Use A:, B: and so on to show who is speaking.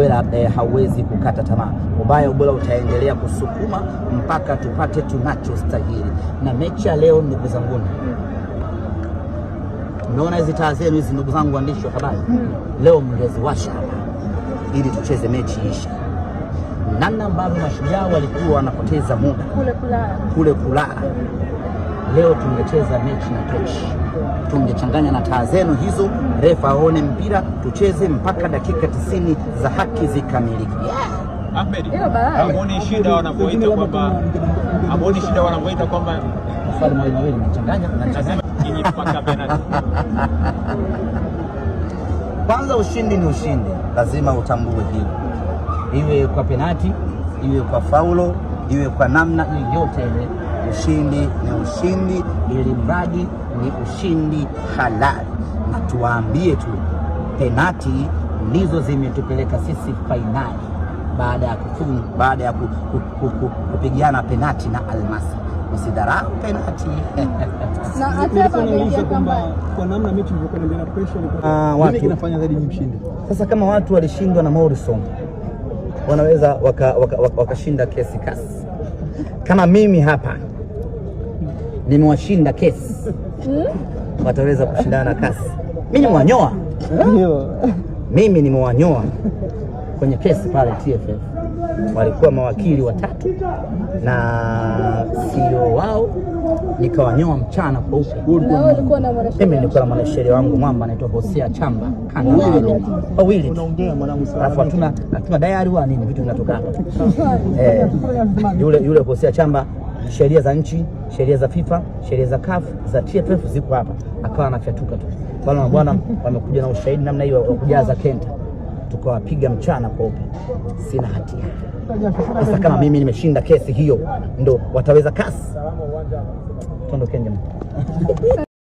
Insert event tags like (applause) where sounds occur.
A: ubwela eh, hauwezi kukata tamaa. Ubaya ubwela utaendelea kusukuma mpaka tupate tunachostahili. Na mechi ya leo, ndugu zangu, mmeona hizi taa zenu hizi, ndugu zangu waandishi wa habari, leo mngeziwasha ili tucheze mechi isha namna ambavyo mashujaa walikuwa wanapoteza muda
B: kule kulala,
A: kule kulala leo tungecheza mechi na keshi, tungechanganya na taa zenu hizo, refa aone mpira, tucheze mpaka dakika tisini za haki zikamilike. Ahmed, hamuoni shida wanavyoita kwamba
C: hamuoni shida wanavyoita kwamba
A: kwanza, ushindi ni ushindi, lazima utambue hilo, iwe kwa penati, iwe kwa faulo, iwe kwa namna yoyote ile ushindi ni ushindi, ili mradi ni ushindi halali. Na tuwaambie tu, penati ndizo zimetupeleka sisi fainali baada ya kufunga, baada ya kupigana penati na Almasi. Usidharau penati (laughs) sasa. Kama watu walishindwa na Morrison, wanaweza wakashinda waka, waka, waka kesi kasi kama mimi hapa nimewashinda kesi hmm? wataweza kushindana na kasi. Mimi nimewanyoa, mimi nimewanyoa kwenye kesi pale TFF walikuwa mawakili watatu na sio wao, nikawanyoa mchana kweupe. Mimi nilikuwa na mwanasheria wangu mwamba anaitwa Hosea Chamba kana wawili, alafu hatuna hatuna dayari wa nini, vitu vinatoka hapa. (laughs) Eh, yule yule Hosea Chamba, sheria za nchi sheria za FIFA, sheria za CAF, za TFF ziko hapa. Akawa anafyatuka tu bwana bwana, wamekuja na ushahidi namna hiyo wa kujaza kenta, tukawapiga mchana kweupe, sina hatia. Sasa kama mimi nimeshinda kesi hiyo, ndo wataweza kasi tondokeni.